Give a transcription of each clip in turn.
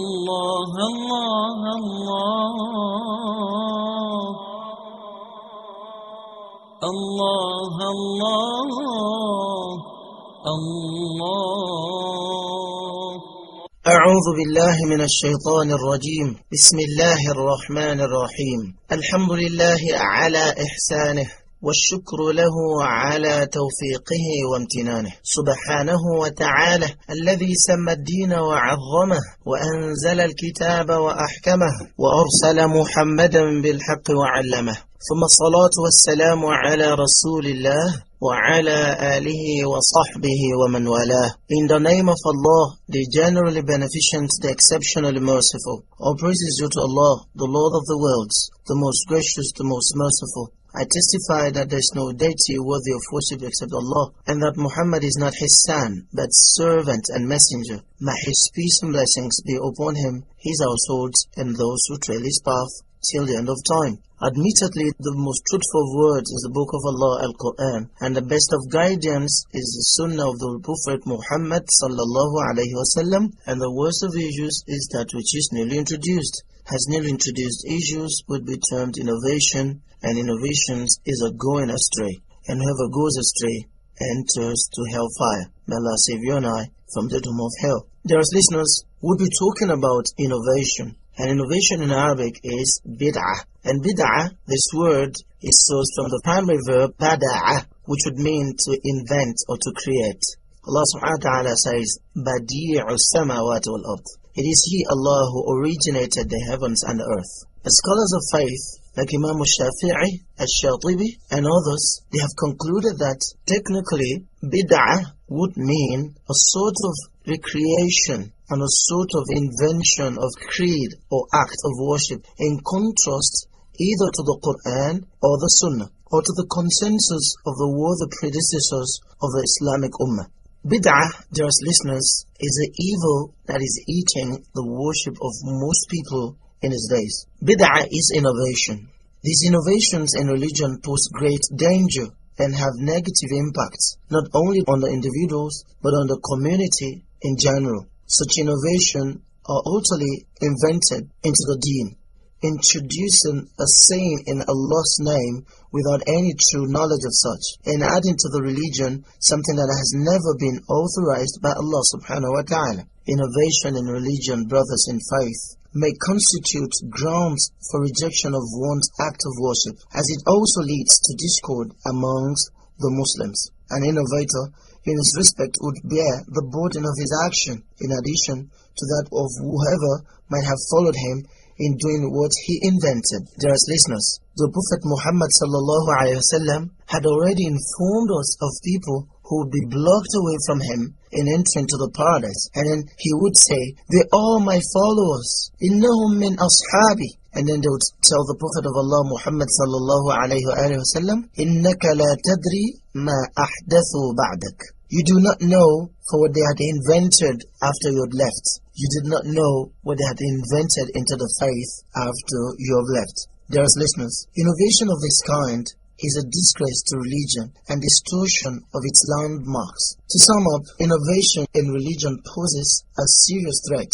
الله الله الله الله الله الله أعوذ بالله من الشيطان الرجيم بسم الله الرحمن الرحيم الحمد لله على إحسانه والشكر له على توفيقه وامتنانه سبحانه وتعالى الذي سمى الدين وعظمه وأنزل الكتاب وأحكمه وأرسل محمدا بالحق وعلمه ثم الصلاة والسلام على رسول الله وعلى آله وصحبه ومن والاه. In the name of Allah, the generally beneficent, the exceptionally merciful. All praise is due to Allah, the Lord of the worlds, the most gracious, the most merciful. I testify that there is no deity worthy of worship except Allah, and that Muhammad is not his son, but servant and messenger. May his peace and blessings be upon him, his household, and those who trail his path till the end of time. Admittedly, the most truthful word is the Book of Allah, Al-Quran, and the best of guidance is the Sunnah of the Prophet Muhammad sallallahu alaihi wasallam, and the worst of issues is that which is newly introduced. Has newly introduced issues would be termed innovation, and innovations is a going astray, and whoever goes astray enters to hellfire. May Allah save you and I from the doom of hell. There listeners we will be talking about innovation, and innovation in Arabic is bid'ah. And bid'ah, this word is sourced from the primary verb bada'ah, which would mean to invent or to create. Allah subhanahu wa ta'ala says, Badi'u samawati wal ard. It is He, Allah, who originated the heavens and the earth. As scholars of faith like Imam Shafi'i, Al-Shatibi, and others, they have concluded that technically bid'ah would mean a sort of recreation and a sort of invention of creed or act of worship in contrast either to the Quran or the Sunnah or to the consensus of the worthy predecessors of the Islamic Ummah. Bid'ah, dearest listeners, is the evil that is eating the worship of most people in his days. Bid'ah is innovation. These innovations in religion pose great danger and have negative impacts, not only on the individuals, but on the community in general. Such innovation are utterly invented into the deen, introducing a saying in Allah's name without any true knowledge of such, and adding to the religion something that has never been authorized by Allah subhanahu wa ta'ala. Innovation in religion, brothers in faith, may constitute grounds for rejection of one's act of worship, as it also leads to discord amongst the Muslims. An innovator, in this respect, would bear the burden of his action, in addition to that of whoever might have followed him in doing what he invented. Dearest listeners, the Prophet Muhammad sallallahu had already informed us of people who would be blocked away from him in entrance to the paradise. And then he would say, They are my followers. Innahum min ashabi. And then they would tell the Prophet of Allah Muhammad sallallahu alayhi wa sallam, إِنَّكَ la tadri ma أَحْدَثُوا badak." You do not know for what they had invented after you had left. You did not know what they had invented into the faith after you have left. Dearest listeners, innovation of this kind is a disgrace to religion and distortion of its landmarks. To sum up, innovation in religion poses a serious threat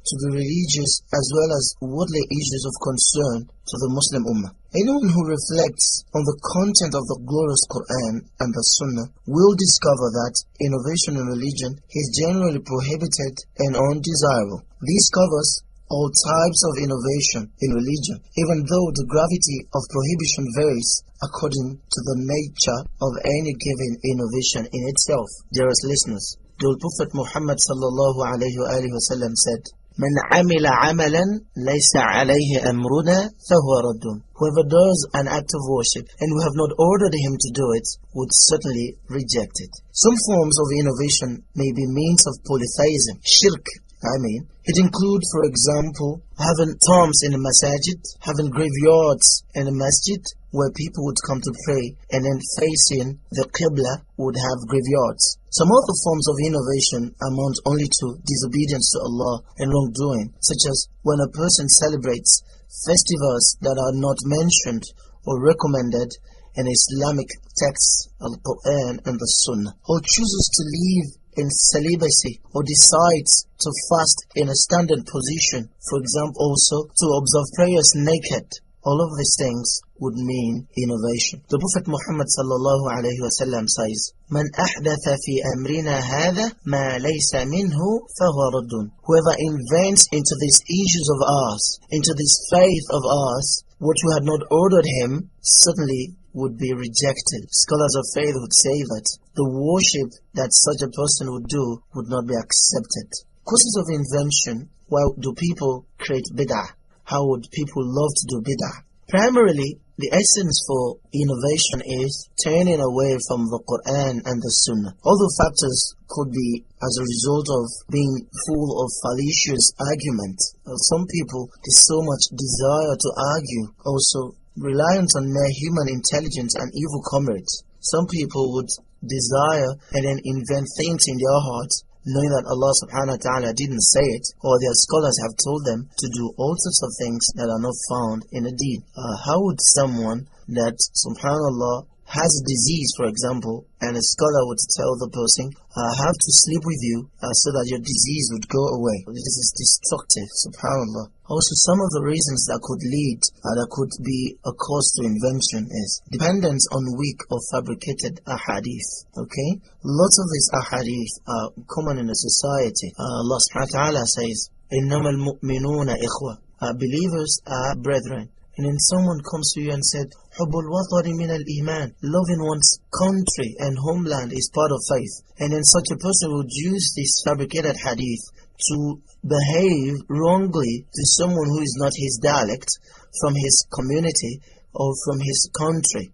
to the religious as well as worldly issues of concern to the Muslim Ummah. Anyone who reflects on the content of the glorious Quran and the Sunnah will discover that innovation in religion is generally prohibited and undesirable. This covers all types of innovation in religion, even though the gravity of prohibition varies according to the nature of any given innovation in itself. Dearest listeners, the Prophet Muhammad sallallahu alayhi wa sallam said, من عمل عملا ليس عليه أمرنا فهو رد Whoever does an act of worship and we have not ordered him to do it would certainly reject it. Some forms of innovation may be means of polytheism, shirk I mean, it includes, for example, having tombs in the masjid, having graveyards in the masjid where people would come to pray, and then facing the Qibla would have graveyards. Some other forms of innovation amount only to disobedience to Allah and wrongdoing, such as when a person celebrates festivals that are not mentioned or recommended in Islamic texts, Al-Quran and the Sunnah, or chooses to leave in celibacy or decides to fast in a standing position, for example, also to observe prayers naked. All of these things would mean innovation. The Prophet Muhammad sallallahu alayhi sallam says, "Man ahdatha fi amrina hadha ma laysa minhu Whoever invents into these issues of ours, into this faith of ours, what we had not ordered him, certainly would be rejected. Scholars of faith would say that the worship that such a person would do would not be accepted. Causes of invention why do people create bid'ah? How would people love to do bid'ah? Primarily, the essence for innovation is turning away from the Quran and the Sunnah. Other factors could be as a result of being full of fallacious argument. Uh, some people, there's so much desire to argue, also reliance on mere human intelligence and evil comrades. Some people would desire and then invent things in their hearts, knowing that Allah subhanahu wa ta'ala didn't say it, or their scholars have told them to do all sorts of things that are not found in the deed. Uh, how would someone that subhanallah has a disease, for example, and a scholar would tell the person, I have to sleep with you uh, so that your disease would go away. This is destructive, subhanAllah. Also, some of the reasons that could lead, uh, that could be a cause to invention is dependence on weak or fabricated ahadith. Okay? Lots of these ahadith are common in a society. Uh, Allah subhanahu wa ta'ala says, إِنَّمَا الْمُؤْمِنُونَ إِخْوَةً Believers are brethren. And then someone comes to you and said, حب الوطن من الإيمان Loving one's country and homeland is part of faith. And then such a person would use this fabricated hadith to behave wrongly to someone who is not his dialect, from his community, or from his country.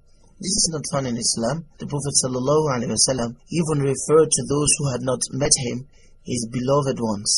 This is not found in Islam. The Prophet wasallam even referred to those who had not met him, his beloved ones.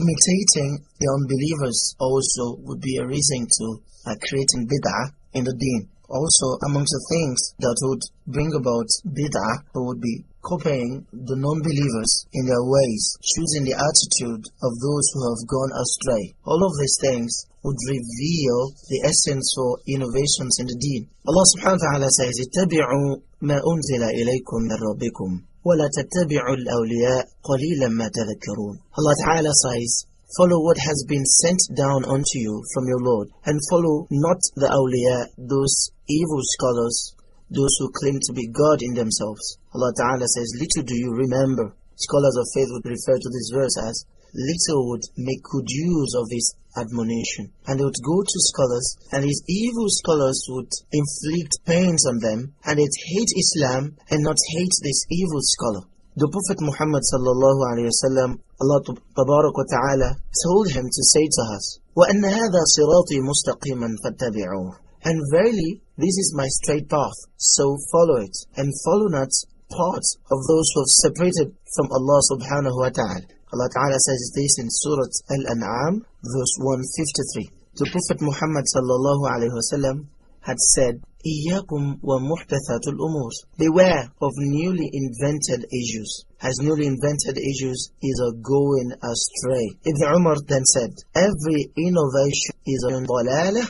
Imitating the unbelievers also would be a reason to uh, creating bid'ah in the deen. Also, amongst the things that would bring about bid'ah would be copying the non-believers in their ways, choosing the attitude of those who have gone astray. All of these things would reveal the essence for innovations in the deen. Allah subhanahu wa ta'ala says, اتبعوا ما أنزل إليكم من ربكم ولا تتبعوا الأولياء قليلا ما تذكرون. Allah ta'ala says, Follow what has been sent down unto you from your Lord, and follow not the awliya, those evil scholars, those who claim to be God in themselves. Allah Ta'ala says, little do you remember. Scholars of faith would refer to this verse as, little would make good use of this admonition. And they would go to scholars, and these evil scholars would inflict pains on them, and they'd hate Islam and not hate this evil scholar. The Prophet Muhammad sallallahu alayhi wasallam, Allah tabarak wa ta'ala, told him to say to us, وَأَنَّ هَذَا صِرَاطِي مُسْتَقِيمًا فَاتَّبِعُوهُ And verily, this is my straight path, so follow it, and follow not parts of those who have separated from Allah subhanahu wa ta'ala. Allah ta'ala says this in Surah Al-An'am, verse 153. The Prophet Muhammad sallallahu alayhi wasallam had said, إياكم ومحدثات الأمور Beware of newly invented issues as newly invented issues is a going astray. Ibn Umar then said, every innovation is a ضلالة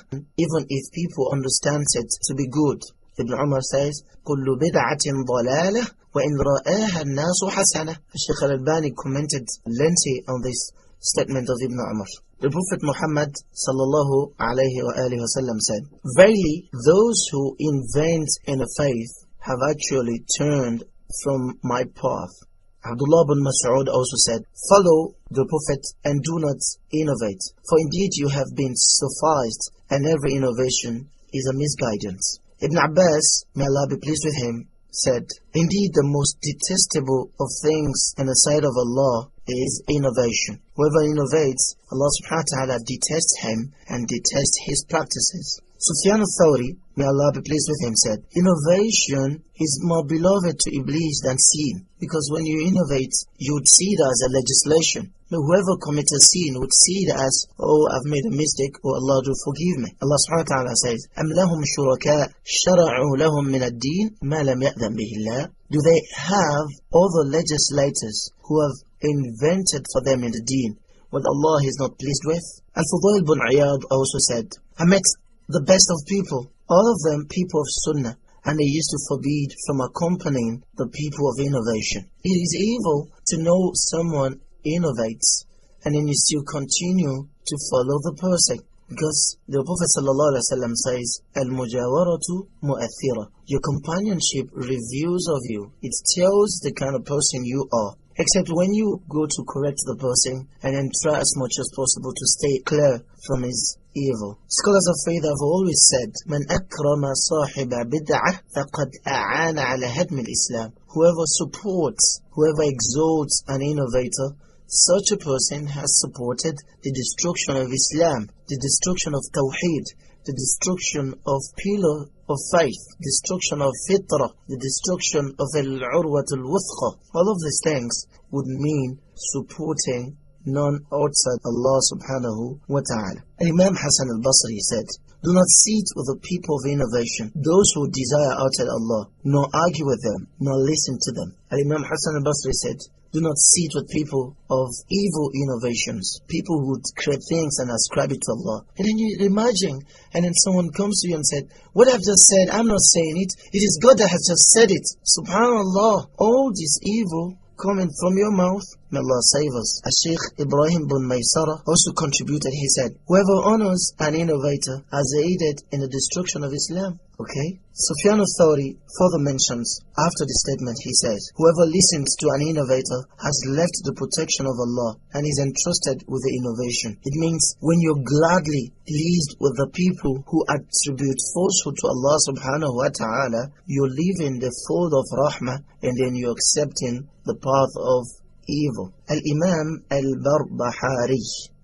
even if people understand it to be good. Ibn Umar says, كل بدعة ضلالة وإن رآها الناس حسنة. Sheikh al-Albani commented lengthy on this statement of Ibn Umar. The Prophet Muhammad sallallahu alayhi wa said, Verily, those who invent in a faith have actually turned from my path. Abdullah bin Mas'ud also said, Follow the Prophet and do not innovate, for indeed you have been sufficed, and every innovation is a misguidance. Ibn Abbas, may Allah be pleased with him, said, Indeed the most detestable of things in the sight of Allah is innovation. Whoever innovates, Allah subhanahu wa ta'ala detests him and detests his practices. Sufyan al-Thawri, may Allah be pleased with him, said, Innovation is more beloved to Iblis than sin, because when you innovate, you would see it as a legislation. Now, whoever commits a sin would see it as, oh, I've made a mistake, or oh, Allah do forgive me. Allah subhanahu wa ta'ala says, أَمْ لَهُمْ شُرَكَاء شَرَعُوا لَهُمْ مِنَ الدِّينِ مَا لَمْ يَأْذَنْ بِهِ اللَّهِ Do they have other legislators who have invented for them in the deen what Allah is not pleased with. And Fudail bin Iyad also said, I met the best of people, all of them people of Sunnah, and they used to forbid from accompanying the people of innovation. It is evil to know someone innovates and then you still continue to follow the person. Because the Prophet ﷺ says, Al-Mujawaratu Mu'athira. Your companionship reveals of you. It tells the kind of person you are. Except when you go to correct the person and then try as much as possible to stay clear from his evil. Scholars of faith have always said, من أكرم صاحب بدعة فقد أعان على هدم الإسلام. Whoever supports, whoever exalts an innovator, such a person has supported the destruction of Islam, the destruction of Tawheed, the destruction of pillar of faith, destruction of fitrah, the destruction of al-urwatul wuthqa. All of these things would mean supporting none outside Allah subhanahu wa ta'ala. Imam Hassan al-Basri said, do not sit with the people of innovation, those who desire outside Allah, nor argue with them, nor listen to them. Imam Hassan al-Basri said, do not sit with people of evil innovations, people who create things and ascribe it to Allah. And then you imagine, and then someone comes to you and said, What I've just said, I'm not saying it. It is God that has just said it. SubhanAllah, all this evil coming from your mouth May Allah save us. As Sheikh Ibrahim bin Maysara also contributed, he said, Whoever honors an innovator has aided in the destruction of Islam. Okay? Sufyan al-Thawri further mentions, after the statement he says, Whoever listens to an innovator has left the protection of Allah and is entrusted with the innovation. It means when you're gladly pleased with the people who attribute falsehood to Allah subhanahu wa ta'ala, you're leaving the fold of rahmah and then you're accepting the path of evil. Al-Imam al-Barbahari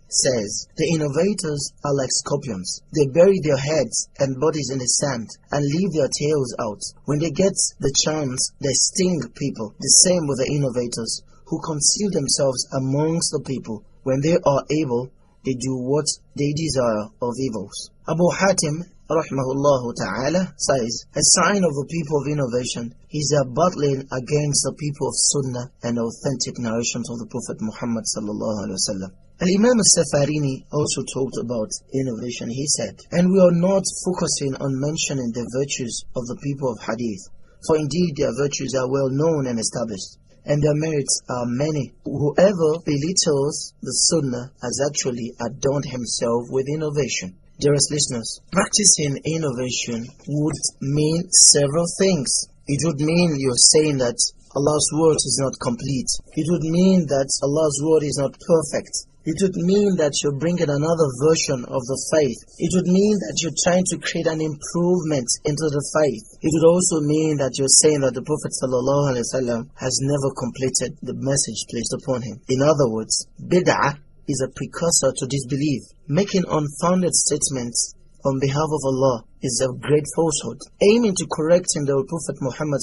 says, The innovators are like scorpions. They bury their heads and bodies in the sand and leave their tails out. When they get the chance, they sting people. The same with the innovators, who conceal themselves amongst the people. When they are able, they do what they desire of evils. Abu Hatim rahmahullah ta'ala says, a sign of the people of innovation is their battling against the people of sunnah and authentic narrations of the Prophet Muhammad sallallahu alaihi wasallam. imam al-Safarini also talked about innovation, he said, and we are not focusing on mentioning the virtues of the people of Hadith, for indeed their virtues are well known and established and their merits are uh, many. Whoever belittles the Sunnah has actually adorned himself with innovation. Dearest listeners, practicing innovation would mean several things. It would mean you're saying that Allah's word is not complete. It would mean that Allah's word is not perfect. It would mean that you're bringing another version of the faith. It would mean that you're trying to create an improvement into the faith. It would also mean that you're saying that the Prophet ﷺ has never completed the message placed upon him. In other words, bid'ah is a precursor to disbelief. Making unfounded statements on behalf of Allah is a great falsehood. Aiming to correcting the Prophet Muhammad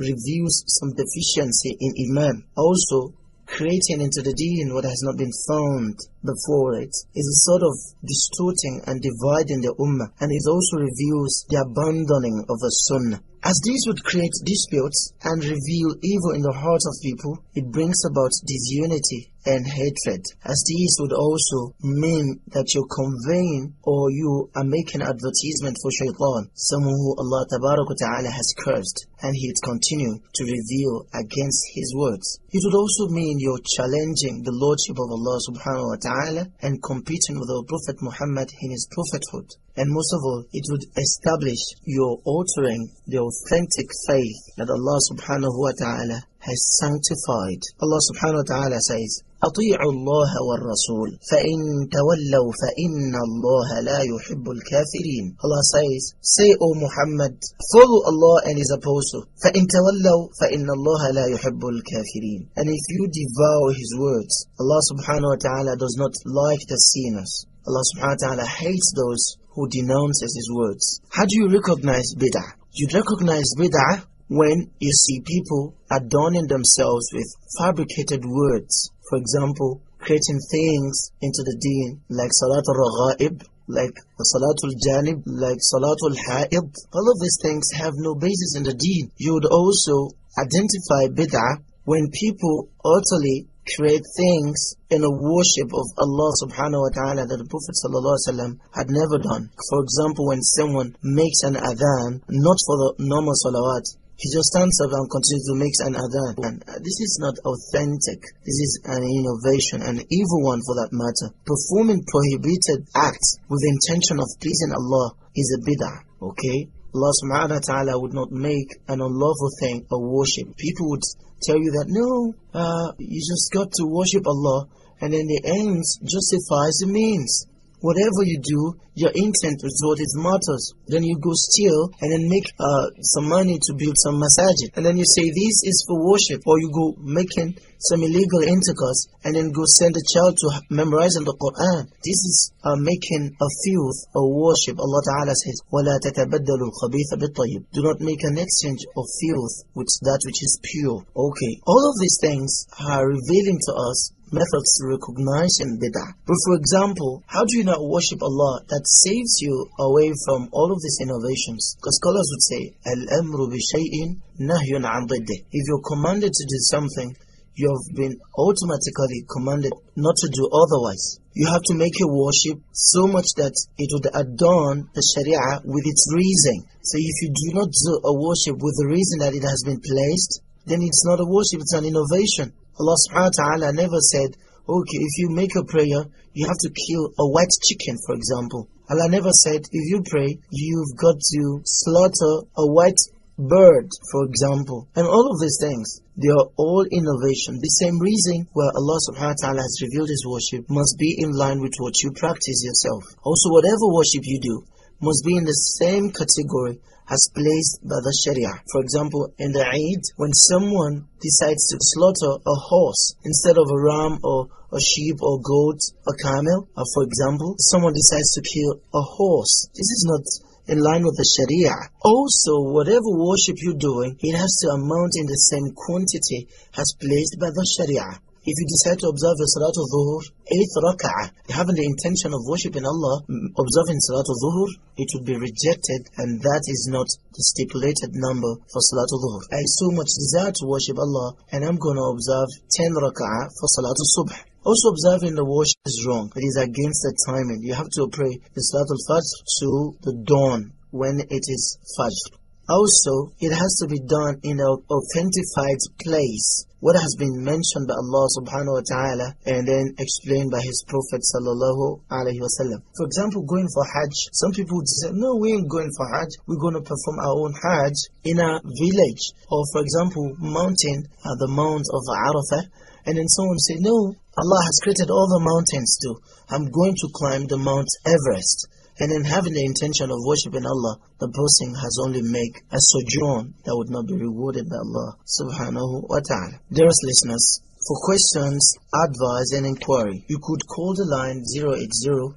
reveals some deficiency in Iman. Also, creating into the deen what has not been found before it is a sort of distorting and dividing the ummah and it also reveals the abandoning of the sunnah as this would create disputes and reveal evil in the hearts of people, it brings about disunity and hatred, as these would also mean that you're conveying or you are making advertisement for shaitan, someone who Allah Ta'ala has cursed, and he would continue to reveal against his words. It would also mean you're challenging the lordship of Allah Subhanahu Wa Ta'ala and competing with our Prophet Muhammad in his prophethood. And most of all, it would establish your altering the authentic faith that Allah subhanahu wa ta'ala has sanctified. Allah subhanahu wa ta'ala says, أطيعوا الله والرسول فإن تولوا فإن الله لا يحب الكافرين Allah says Say O Muhammad Follow Allah and His Apostle فإن تولوا فإن الله لا يحب الكافرين And if you devour His words Allah subhanahu wa ta'ala does not like the sinners Allah subhanahu wa ta'ala hates those who denounces his words. How do you recognize bid'ah? You recognize bid'ah when you see people adorning themselves with fabricated words. For example, creating things into the deen like Salatul Raghaib, like Salatul Janib, like Salatul Ha'id. All of these things have no basis in the deen. You would also identify bid'ah when people utterly create things in a worship of Allah subhanahu wa ta'ala that the Prophet sallallahu had never done. For example, when someone makes an adhan, not for the normal salawat, he just stands up and continues to make an adhan. And uh, this is not authentic. This is an innovation, an evil one for that matter. Performing prohibited acts with the intention of pleasing Allah is a bid'ah. Okay? Allah subhanahu wa ta'ala would not make an unlawful thing a worship. People would tell you that no, uh, you just got to worship Allah, and then the ends justifies the means whatever you do, your intent is what it matters. Then you go steal and then make uh, some money to build some masajid. And then you say this is for worship or you go making some illegal intercourse and then go send a child to in the Quran. This is uh, making a filth of worship. Allah Ta'ala says, وَلَا تَتَبَدَّلُوا الْخَبِيثَ بِالطَّيِّبِ Do not make an exchange of filth with that which is pure. Okay, all of these things are revealing to us methods to recognize in bid'ah. But for example, how do you not worship Allah that saves you away from all of these innovations? Because scholars would say, Al-amru bi shay'in nahyun an If you're commanded to do something, you have been automatically commanded not to do otherwise. You have to make your worship so much that it would adorn the Sharia with its reason. So if you do not do a worship with the reason that it has been placed, then it's not a worship, it's an innovation. Allah subhanahu wa ta'ala never said, okay, if you make a prayer, you have to kill a white chicken, for example. Allah never said, if you pray, you've got to slaughter a white bird, for example. And all of these things, they are all innovation. The same reason where Allah subhanahu wa ta'ala has revealed His worship must be in line with what you practice yourself. Also, whatever worship you do must be in the same category has placed by the Sharia. For example, in the Eid, when someone decides to slaughter a horse instead of a ram or a sheep or goat or camel, or uh, for example, someone decides to kill a horse. This is not in line with the Sharia. Also, whatever worship you're doing, it has to amount in the same quantity as placed by the Sharia. If you decide to observe the Salat al Dhuhr, eighth rak'ah, having the intention of worshipping Allah, observing Salat al Dhuhr, it would be rejected, and that is not the stipulated number for Salat al Dhuhr. I so much desire to worship Allah, and I'm going to observe 10 rak'ah for Salat al Subh. Also observing the worship is wrong. It is against the timing. You have to pray the Salat al-Fajr to the dawn when it is Fajr. Also, it has to be done in an authentified place. What has been mentioned by Allah subhanahu wa ta'ala and then explained by His Prophet sallallahu alayhi wasallam. For example, going for Hajj, some people would say, no, we ain't going for Hajj, we're going to perform our own Hajj in a village. Or for example, mountain, uh, the mount of Arafah. And then someone say, no, Allah has created all the mountains too. I'm going to climb the Mount Everest. And in having the intention of worshiping Allah, the person has only made a sojourn that would not be rewarded by Allah subhanahu wa ta'ala. Dearest listeners, for questions, advice and inquiry, you could call the line 080 3045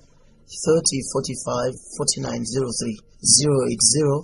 4903 080 3045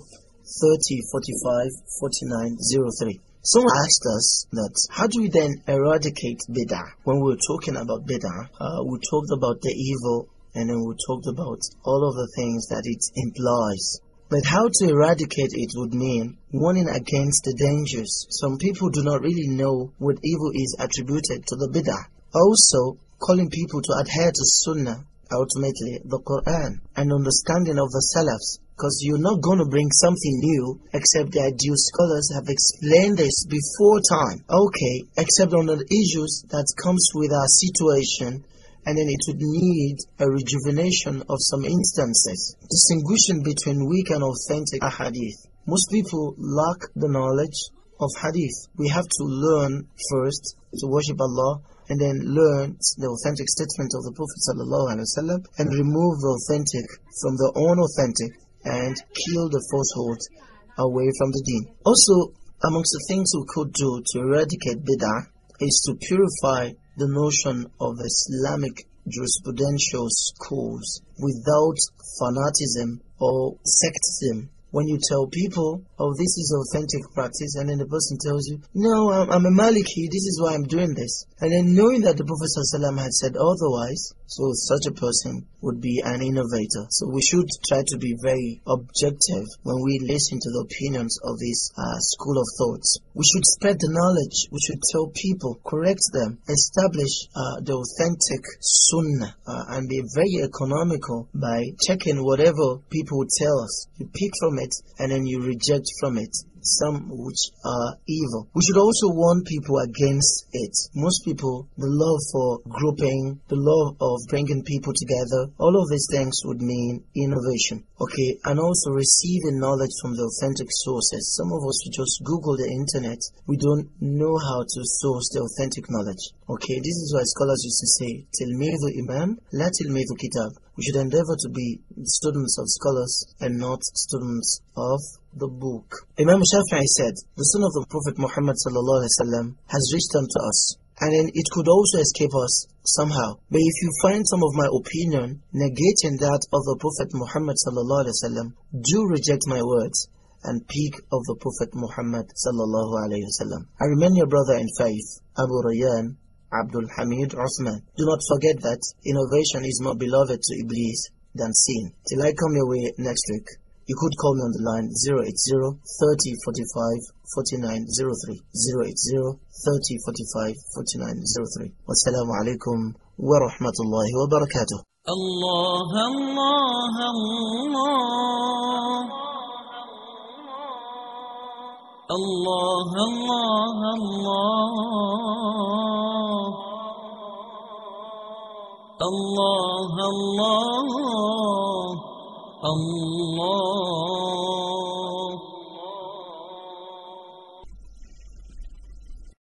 4903. Someone asked us that how do we then eradicate bid'ah? When we were talking about bid'ah, uh, we talked about the evil and then we talked about all of the things that it implies. But how to eradicate it would mean warning against the dangers. Some people do not really know what evil is attributed to the bid'ah. Also, calling people to adhere to sunnah, ultimately the Quran, and understanding of the salafs. Because you're not going to bring something new except that you scholars have explained this before time. Okay, except on the issues that comes with our situation and then it would need a rejuvenation of some instances. Distinguishing between weak and authentic hadith. Most people lack the knowledge of hadith. We have to learn first to worship Allah and then learn the authentic statement of the Prophet ﷺ and remove the authentic from the unauthentic and kill the falsehood away from the deen. Also, amongst the things we could do to eradicate bid'ah is to purify the notion of Islamic jurisprudential schools without fanaticism or sectism when you tell people, oh, this is authentic practice, and then the person tells you, no, I'm, I'm a Maliki, this is why I'm doing this. And then knowing that the Prophet ﷺ had said otherwise, so such a person would be an innovator. So we should try to be very objective when we listen to the opinions of this uh, school of thoughts. We should spread the knowledge. We should tell people, correct them, establish uh, the authentic sunnah, uh, and be very economical by checking whatever people tell us. You pick from it and then you reject from it some which are evil. We should also warn people against it. Most people, the love for grouping, the love of bringing people together, all of these things would mean innovation. Okay, and also receiving knowledge from the authentic sources. Some of us just Google the internet. We don't know how to source the authentic knowledge. Okay, this is why scholars used to say, the Imam, la the Kitab. We should endeavor to be students of scholars and not students of the book. Imam Shafi'i said, The son of the Prophet Muhammad ﷺ has reached unto us, and it could also escape us somehow. But if you find some of my opinion negating that of the Prophet Muhammad ﷺ, do reject my words and peak of the Prophet Muhammad sallallahu alayhi wasallam. I remain your brother in faith, Abu Rayyan Abdul Hamid Osman. Do not forget that innovation is more beloved to Iblis than sin. Till I come your way next week, you could call me on the line 080 30 45 49 03. 080 30 45 49 03. Wassalamu alaikum wa rahmatullahi wa barakatuh. Allah, Allah, Allah. Allah, Allah, Allah. الله الله الله